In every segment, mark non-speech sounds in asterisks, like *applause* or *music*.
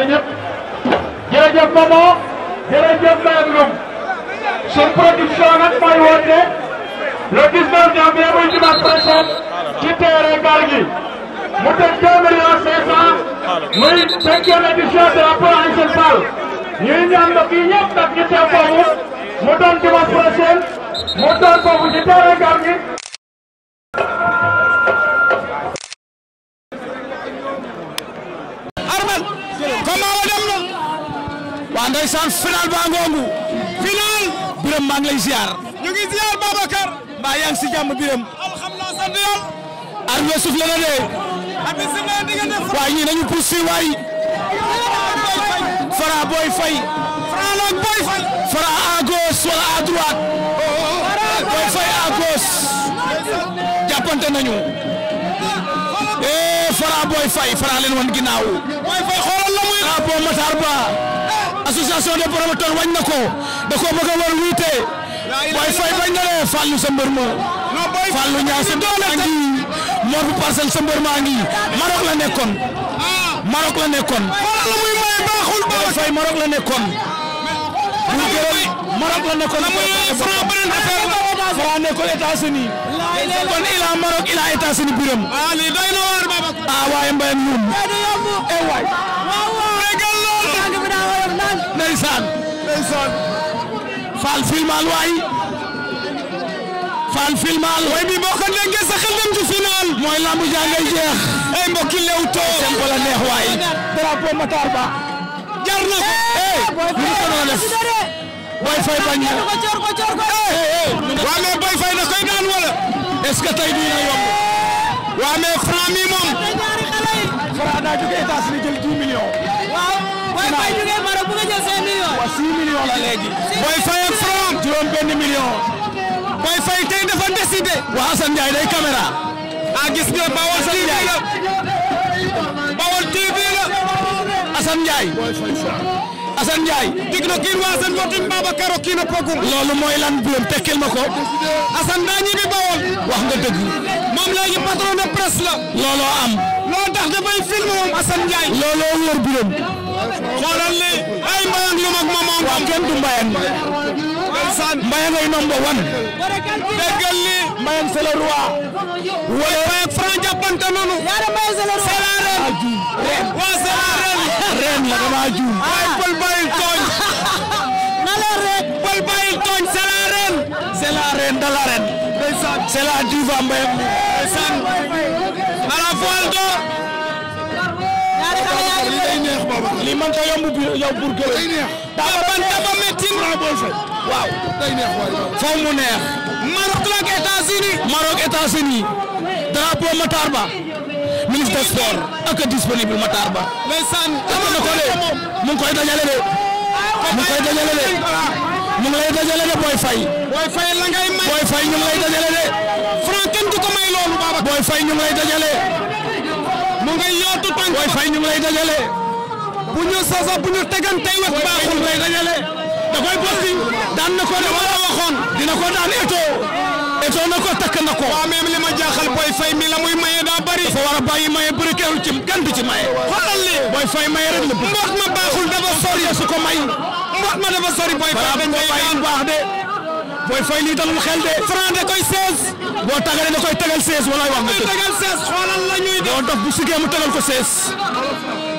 na ñëpp jërëjëf Momo jërëjëf Mayang Loum suñ production nag mooy woote le 19 janvier muy dimanche prochain ci terrain Gaal gi mu teg 2 millions 500 muy cinquième édition de la Pro Ancien Fall ñuy ñaan mbokk yi ñëpp nag ñu mu doon dimanche prochain mu doon foofu ci terrain Gaal maa ngi nañu poussé waay. Fara Boy Faye. Fara la Boy Faye. Fara à gauche wala à oh, oh, oh. nañu. Fara Boy Faye Fara leen wan ginnaaw. Boy Faye muy. drapeau Ba. association des promoteurs wañ na ko da koo a war wuute. Boy Faye bañ na leen Fallou sa mbër ma. Fallou Ndiaye maa ngi Mor bu parcelle sa mbër maa la nekkoon. Ah. Maroc la nekkoon. xoolal muy maye baaxul Boy Faye Maroc la la nekkoon. Fara nekkoon États-Unis. a Maroc il biram. Ah, ah waaye mbay ak ñun. tey du yomb. eh waay. waaw waaw béykat loolu. yaa ngi fi daa woyof naan. ndeysaan. ndeysaan. Fall filmal waay. Fall filmal. way bi boo ko déggee sa xel dem ci final. mooy lambu jaa ngay jeex. ay eh, mbokki Leewtoo. tempo la neex waay. drapeau Matar Ba. jar na ko. eh, eh lu mu sonn def. Boy Faye bañ na. Eh, waa mais Boy Faye da koy daan wala. est-ce que tey dina yomb. waaw mais Franc mi moom. Franc daa jógee États-Unis jël 10 millions. waaw booy fay jógee Maroc bu nga jël 5 millions. waaw 6 millions la léegi. booy fay ak Franc. juróom benn million. booy fay tey dafa décidé. waaw Assane Ndiaye day caméra. ah gis nga Bawol TV la Bawol TV la Assane Ndiaye. Assane Ndiaye dig na kiin waa Assane fotim Babacar o a pogum loolu mooy lan buum tekkil ma ko Assane daa ñibi Bawol wax nga dëgg moom léegi patron de presse la looloo am loo tax dafay film moom Assane Ndiaye wóor buum xoolal li ay mbayang lu ma moom am kenn du mbayang ndeysaan ay nomba wan déggal li Mbayang c'est le roi wala noonu yaara waa c'est la la dama juum waay ah. pël bàyyil tooñ *laughs* tooñ c'est la reine c'est la reine de l'arène neex booba li man ta yomb metti Franc booy fay mu neex Maroc ak États-Unis Maroc États-Unis drapeau Matar Ba ministre des sports ak disponible mu ngi koy dajale de mu ngi koy dajale de dajale de booy fay booy may loolu baba booy fay ñu dajale mu ngay yootu tànk booy fay ñu ngi lay dajale bu ñu soso bu ñu tegantey wax baaxul lay dajale da koy botti daan na ko de wala waxoon dina ko daan eto eto na ko takk na ko waaw même li ma jaaxal Boy Faye mi la muy maye daa bari dafa war a bàyyi maye bëri keeru ci gan ci maye Boy Faye maye rek la ma baaxul dafa sori su ko may mboot ma dafa sori Boy Faye dañ koy daan de Boy Faye lii dalul xel de da koy 16 boo tagalee da koy tegal 16 walaay wax nga dëgg xoolal la ñuy def doo dof bu sigee mu tegal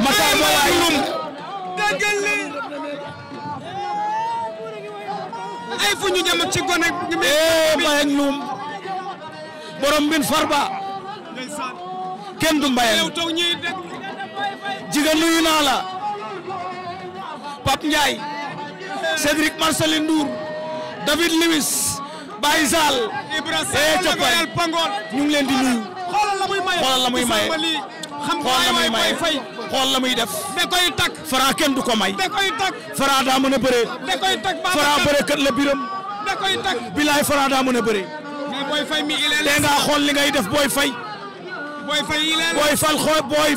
Matar Balaye déggal li ay fu ñu jëm ci gone eh Mbayang Loum borom bin Farba kenn du Mbayang jigéen nuyu naa la Pape Ndiaye Cédric Marcelin Ndour David Lewis Baye Sall eh Coppay ñu ngi di nuyu xoolal la muy may xool la muy maye xool la muy def. da koy kenn du ko may. da koy takk Franc daa mën a bëree. da koy takk Franc bëree kat la biram. da koy takk a bëree. mais Boy nga xool li ngay def Boy fay Boy Faye il est la Boy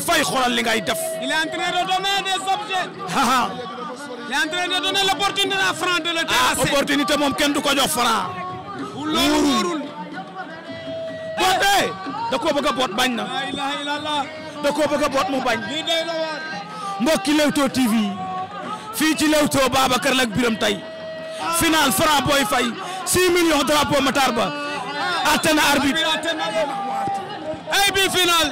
li ngay def. il est en train de haha. il est de donner le ah, terrasser. moom kenn du ko jox Franc. loolu wóorul da koo bëgg boot bañ na da koo bëgg boot mu bañ mbokki Leewtoo TV fii ci Leewtoo Babacar la ak Birame tey final Franc Boy Faye 6 millions drapeau Matar Ba atena arbitre ay bi final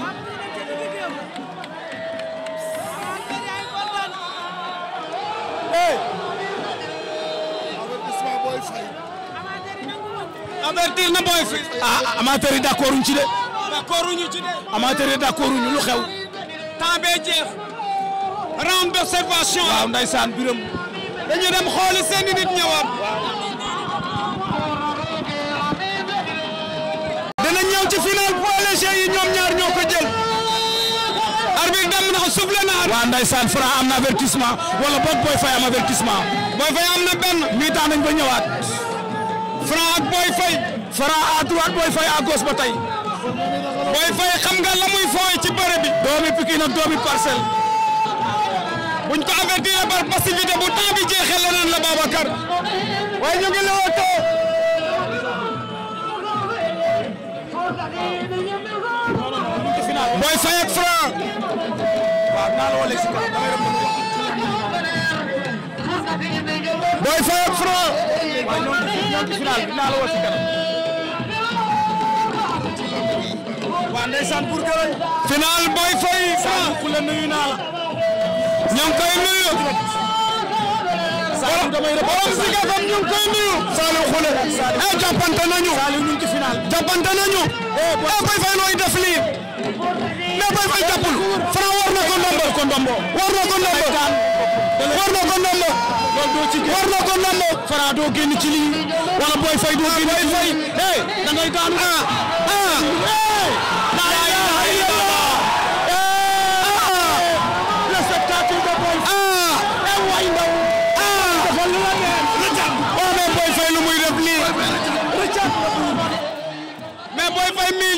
ah, ah, ci de d'accorduñu ci de. amateur yi d'accorduñu lu xew. temps bee jeex. round d'observation. waaw ndeysaan biram. dañu dem xooli i nit ñëwaat. dana ñëw ci final poids léger yi ñoom ñaar ñoo ko jël. arbitre dem na ko soufflé naa. waaw ndeysaan Franc am na avertissement wala boog Boy am avertissement. Boy Faye am na benn. mi-temps nañ ba ñëwaat. Franc ak Boy Faye. Franc à droite Boy Faye à gauche tey. Boy Faye xam nga la muy fooy ci bëre bi. doomi Pikine ak doomi Parcelles. buñ ko avertir par passivité bu temps bi jeexee leneen la la ba Boy Faye ak Franc. waaw ndeysaan pour gërëm. ku la nuyu naa la. ñoo nuyu. Saalum damay rëb borom si gàttal eh, nañu. Saalum nañu. Eh, eh Boy Faye nooy def lii. mais Boy Faye jàppul. war na ko ndombo. war na ko ndombo. war na ko ndombo. wala Boy Faye doo ah, génn ci lii. ah da ngay daanu. ah ah.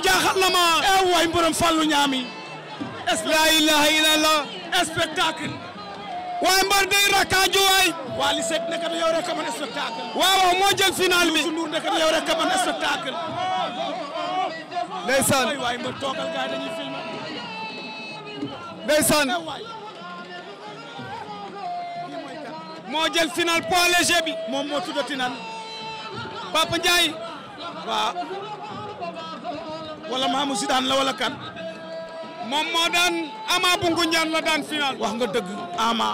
jaaxal na ma. eh waay mborom Ñaami. laa ilaaha illallah. spectacle. waaye mbar day rakkaaju waay. waa li seet bi. Youssou Ndour nekk na yow rek a eh, bi. moom moo tuddati nan. Papa Ndiaye. wala Mamou Zidane la wala kan. moom moo daan Ama bu Ngunjaan la daan final. wax nga dëgg Ama.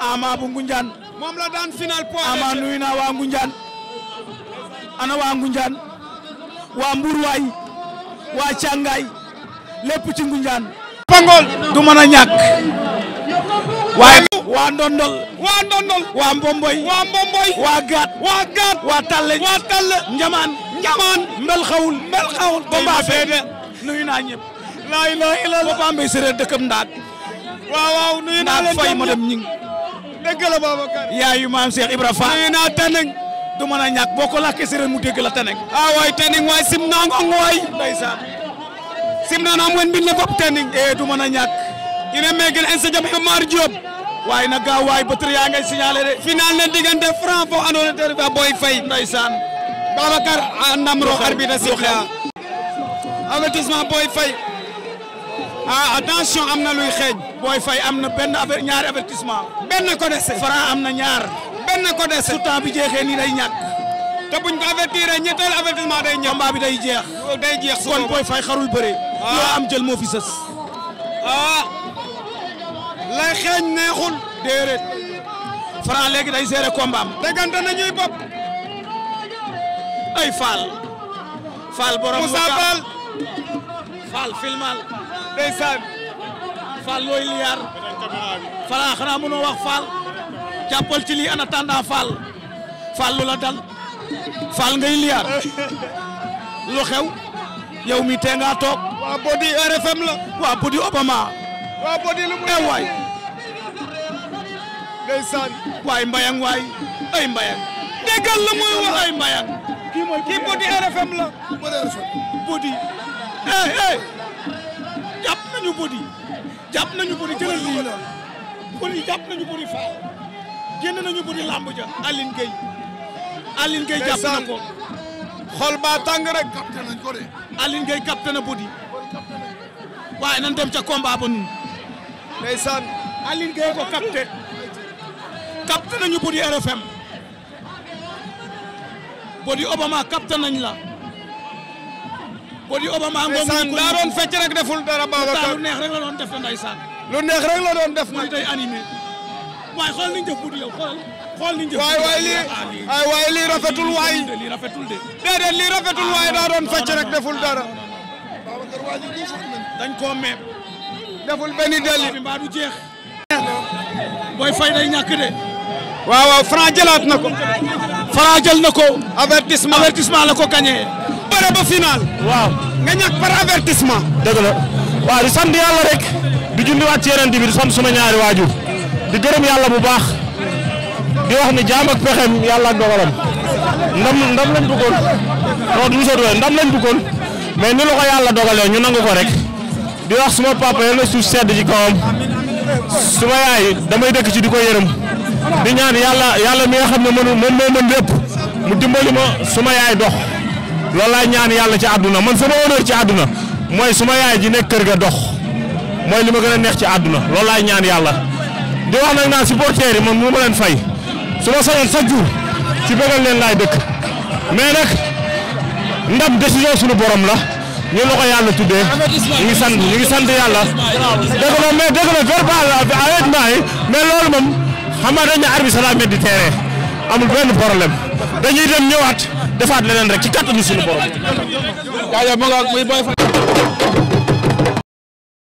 Ama bu Ngunjaan. moom la daan final ana waa Ngunjaan. waa Mbour waay. waa Càngaay. lépp ci Ngunjaan. du mën a ñàkk. waaye. waa Ndondol. waa Ndondol. waa Mbomboy. waa Mbomboy. waa Gat. waa Talle. waa Ndiambane mbel xawul mbel xawul combat bee de nuyu naa ñëpp laa ilaaha illallaah combat mbay séréer dëkkam ndaat waaw waaw nuyu naa fay ma dem ñing dëgg la Babacar yaayu maam Cheikh Ibra Fall nuyu naa Taneng du mën a ñàkk boo ko làkkee séréer mu dégg la Taneng ah waay Taneng waay sim naa ngong waay ndeysaan sim naa naam wen mbin ne bopp Taneng eh du mën a ñàkk ina meegel en sa jam Mar Diop waaye na gaaw waay ba tër ngay signalé de final ne diggante Franc fo Babacar a ah, Namro arbitre siffla avertissement Boy Faye ah attention am na luy xeeñ Boy am na benn affaire ñaari avertissement benn ko dese am na ñaar benn ko dese su bi jeexee nii day ñàkk te buñ ko avertir ñetteel avertissement day ñàkk combat bi day jeex oh, day jeex kon Boy Faye xarul bëre ah. am jël moo fi sës ah lay xeeñ neexul déedéet Franc léegi day gérer combat am déggante na ñuy bopp ay Fall. Fall borom Moussa Fall. Fall filmal. ndeysaan. Fall looy liyaar. Fala ah, xanaa mënoo wax Fall. jàppal ci lii en attendant Fall. Fall lu la dal. Fall ngay liyaar. lu xew. yow mi tee ngaa toog. waa Bodi la. waa Bodi Obama. waa Bodi lu mu. Eh, waay. ndeysaan. waay mbayang waay. ay la muy wax ay mbayang. kii Bodi RFM la. Bodi. eh eh jàpp nañu Bodi. jàpp nañu Bodi jëlal lii Bodi nañu Bodi Fall. génn nañu Bodi làmb ja Aline Gueye. Aline Gueye na ko. xol ba tàng rek. capté nañ ko na Bodi. waaye nan dem ca combat nun ndeysaan Aline Gueye ko capté. capté nañu Bodi RFM. body Obama capté nañ la. body Obama. ngooñ ngooñ daa doon fecc rek deful dara. Babacar lu neex rek la doon def ndeysaan. lu neex rek la doon def. muy day animé. waaye xool nañ jëf buddi yow xool. xool nañ jëf ah, waay waay lii ay waay lii rafetul waay. lii rafetul de. déedéet lii rafetul waay daa doon fecc rek ah, deful dara. Ah, dañ koo meeb. deful benn delli bi mbaa du booy fay day ñàkk de. waaw waaw Franc jëlaat na ko. Fara jël na ko. avertissement avertissement la ko gagné. bëre ba final. waaw nga ñàkk par avertissement. dëgg la waaw di sant yàlla rek. di jundiwaat ci yeneen bi di sant suma ñaari waajur. di gërëm yàlla bu baax. di wax ni jaam ak pexem yàlla ak dogalam. ndam ndam lañ bëggoon. non du sot wee ndam lañ bëggoon. mais ni la yàlla dogalee ñu nangu ko rek. di wax suma papa yal na suuf sedd ci kawam. suma yaay damay dëkk ci di ko yërëm. di ñaan yàlla yàlla mi nga xam ne mënu moom moo mën lépp mu dimbali ma suma yaay dox loolu laay ñaan yàlla ci àdduna man sama honneur ci àdduna mooy suma yaay ji nekk kër ga dox mooy li ma gën a neex ci àdduna loolu laay ñaan yàlla di wax nag naa supporters yi man mu ma leen fay su ma sañoon chaque si ci bëggal leen laay dëkk mais nag ndam décision sunu borom la ñu la ko yàlla tuddee ñu ngi sant ñu ngi sant yàlla dëgg la mais dëgg la verbal avec mais loolu moom. xam nga dañ ne arbitre la méditerranée amul benn problème dañuy dem ñëwaat defaat leneen rek ci kattanu suñu borom. jaajëf mu ngi muy Boy Faye.